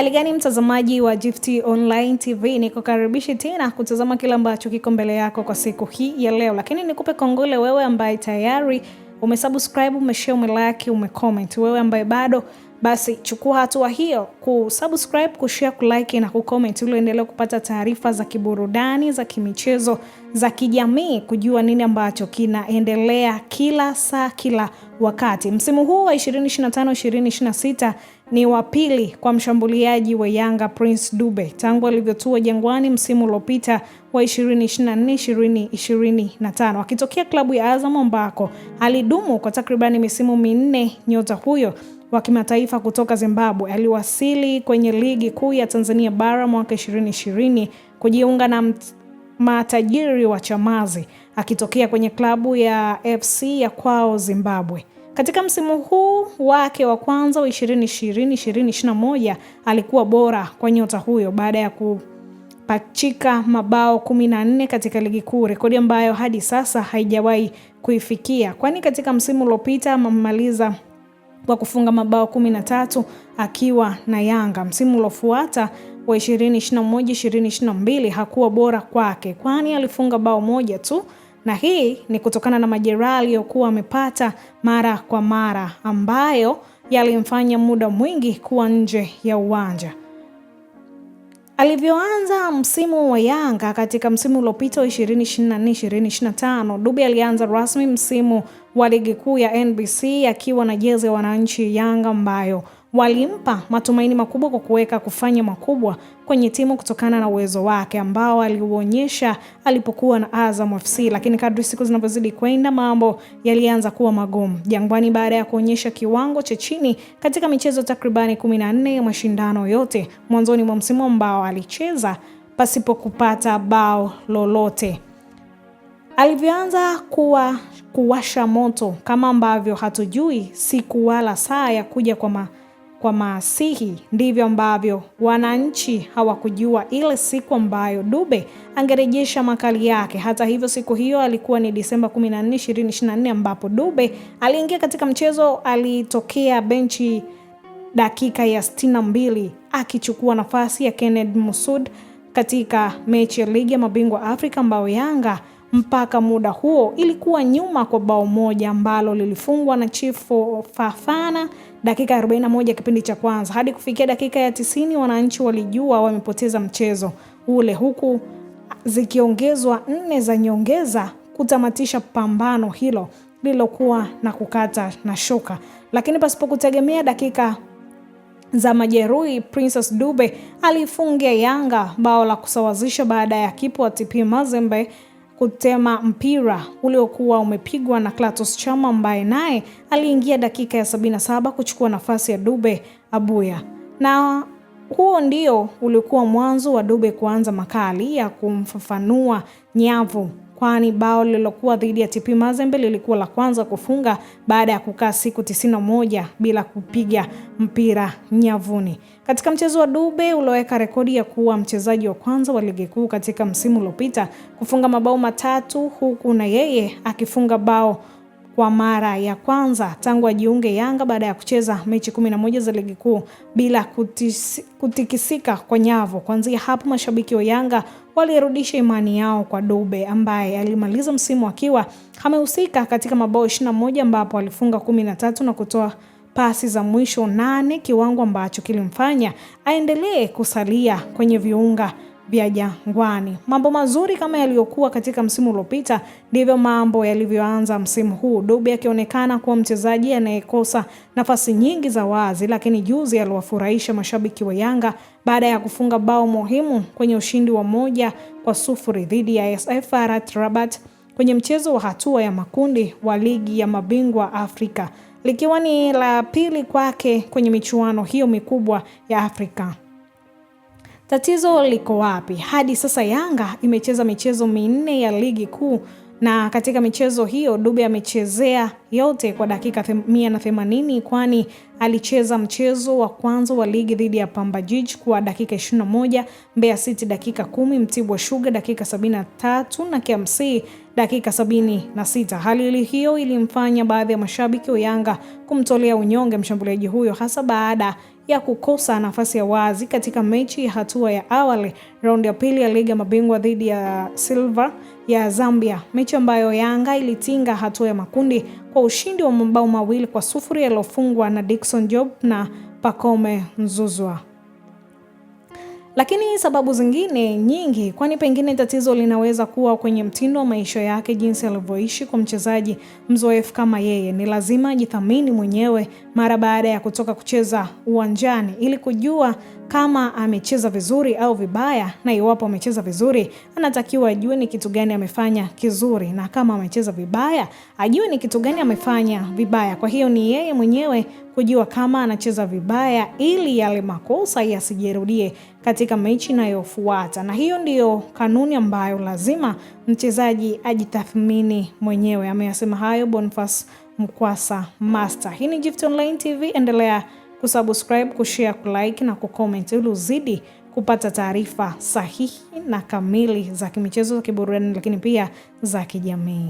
Hali gani mtazamaji wa Gift Online TV, kukaribishi tena kutazama kile ambacho kiko mbele yako kwa siku hii ya leo, lakini nikupe kongole wewe ambaye tayari umesubscribe, umeshare, umelike, umecomment. Wewe ambaye bado basi chukua hatua hiyo kusubscribe, kushare, kulike na kucomment ili uendelee kupata taarifa za kiburudani, za kimichezo, za kijamii, kujua nini ambacho kinaendelea kila saa, kila wakati. Msimu huu wa 2025 2026 ni wa pili kwa mshambuliaji wa Yanga Prince Dube tangu alivyotua Jangwani msimu uliopita wa 2024 2025, akitokea klabu ya Azam ambako alidumu kwa takribani misimu minne. Nyota huyo wa kimataifa kutoka Zimbabwe aliwasili kwenye ligi kuu ya Tanzania bara mwaka 2020 kujiunga na matajiri wa Chamazi akitokea kwenye klabu ya FC ya kwao Zimbabwe. Katika msimu huu wake wa kwanza wa 2020-2021 alikuwa bora kwa nyota huyo baada ya kupachika mabao 14 katika ligi kuu, rekodi ambayo hadi sasa haijawahi kuifikia, kwani katika msimu uliopita amemaliza kwa kufunga mabao 13 akiwa na Yanga. Msimu uliofuata wa 2021-2022 hakuwa bora kwake, kwani alifunga bao moja tu, na hii ni kutokana na majeraha aliyokuwa amepata mara kwa mara ambayo yalimfanya muda mwingi kuwa nje ya uwanja. Alivyoanza msimu wa Yanga katika msimu uliopita 2024 2025, Dube alianza rasmi msimu wa ligi kuu ya NBC akiwa na jezi ya wananchi Yanga ambayo walimpa matumaini makubwa kwa kuweka kufanya makubwa kwenye timu kutokana na uwezo wake ambao aliuonyesha alipokuwa na Azam FC, lakini kadri siku zinavyozidi kwenda mambo yalianza kuwa magumu Jangwani baada ya kuonyesha kiwango cha chini katika michezo takribani kumi ya mashindano yote mwanzoni mwa msimu ambao alicheza pasipo kupata bao lolote. Alivyoanza kuwa kuwasha moto kama ambavyo hatujui siku wala saa ya kuja kwa ma kwa maasihi. Ndivyo ambavyo wananchi hawakujua ile siku ambayo Dube angerejesha makali yake. Hata hivyo, siku hiyo alikuwa ni Disemba 14, 2024 ambapo Dube aliingia katika mchezo, alitokea benchi dakika ya 62 akichukua nafasi ya Kenneth Musud katika mechi ya ligi ya mabingwa Afrika ambayo Yanga mpaka muda huo ilikuwa nyuma kwa bao moja ambalo lilifungwa na Chifu Fafana dakika 41 kipindi cha kwanza. Hadi kufikia dakika ya tisini wananchi walijua wamepoteza mchezo ule, huku zikiongezwa nne za nyongeza kutamatisha pambano hilo lililokuwa na kukata na shoka, lakini pasipo kutegemea dakika za majeruhi Princess Dube aliifungia Yanga bao la kusawazisha baada ya kipa wa TP Mazembe kutema mpira uliokuwa umepigwa na Clatous Chama ambaye naye aliingia dakika ya 77 kuchukua nafasi ya Dube Abuya, na huo ndio ulikuwa mwanzo wa Dube kuanza makali ya kumfafanua nyavu kwani bao lililokuwa dhidi ya TP Mazembe lilikuwa la kwanza kufunga baada ya kukaa siku 91 bila kupiga mpira nyavuni. Katika mchezo wa Dube ulioweka rekodi ya kuwa mchezaji wa kwanza wa ligi kuu katika msimu uliopita kufunga mabao matatu huku na yeye akifunga bao kwa mara ya kwanza tangu ajiunge Yanga baada ya kucheza mechi 11 za ligi kuu bila kutikisika kwa nyavu. Kuanzia hapo mashabiki wa Yanga walirudisha imani yao kwa Dube ambaye alimaliza msimu akiwa amehusika katika mabao 21 ambapo alifunga 13 na kutoa pasi za mwisho nane, kiwango ambacho kilimfanya aendelee kusalia kwenye viunga vya Jangwani. Mambo mazuri kama yaliyokuwa katika msimu uliopita ndivyo mambo yalivyoanza msimu huu, Dube akionekana kuwa mchezaji anayekosa nafasi nyingi za wazi, lakini juzi aliwafurahisha mashabiki wa Yanga baada ya kufunga bao muhimu kwenye ushindi wa moja kwa sufuri dhidi ya AS Rabat kwenye mchezo wa hatua ya makundi wa ligi ya mabingwa Afrika, likiwa ni la pili kwake kwenye michuano hiyo mikubwa ya Afrika. Tatizo liko wapi? Hadi sasa Yanga imecheza michezo minne ya ligi kuu na katika michezo hiyo Dube amechezea yote kwa dakika mia na themanini kwani alicheza mchezo wa kwanza wa ligi dhidi ya Pamba Jiji kwa dakika 21, Mbeya City dakika kumi, Mtibwa Sugar dakika 73 na KMC dakika 76. Hali hiyo ilimfanya baadhi ya mashabiki wa Yanga kumtolea unyonge mshambuliaji huyo hasa baada ya kukosa nafasi ya wazi katika mechi ya hatua ya awali raundi ya pili ya ligi ya mabingwa dhidi ya silva ya Zambia, mechi ambayo Yanga ilitinga hatua ya makundi kwa ushindi wa mabao mawili kwa sufuri yaliyofungwa na dikson Job na Pacome nzuzwa lakini sababu zingine nyingi, kwani pengine tatizo linaweza kuwa kwenye mtindo wa maisha yake, jinsi alivyoishi. Kwa mchezaji mzoefu kama yeye, ni lazima ajithamini mwenyewe mara baada ya kutoka kucheza uwanjani ili kujua kama amecheza vizuri au vibaya, na iwapo amecheza vizuri, anatakiwa ajue ni kitu gani amefanya kizuri, na kama amecheza vibaya, ajue ni kitu gani amefanya vibaya. Kwa hiyo ni yeye mwenyewe kujua kama anacheza vibaya ili yale makosa yasijirudie katika katika mechi inayofuata, na hiyo ndiyo kanuni ambayo lazima mchezaji ajitathmini mwenyewe. Ameyasema hayo Bonfas Mkwasa Master. Hii ni Gift Online TV, endelea kusubscribe, kushare, kulike na kucomment ili uzidi kupata taarifa sahihi na kamili za kimichezo, za kiburudani, lakini pia za kijamii.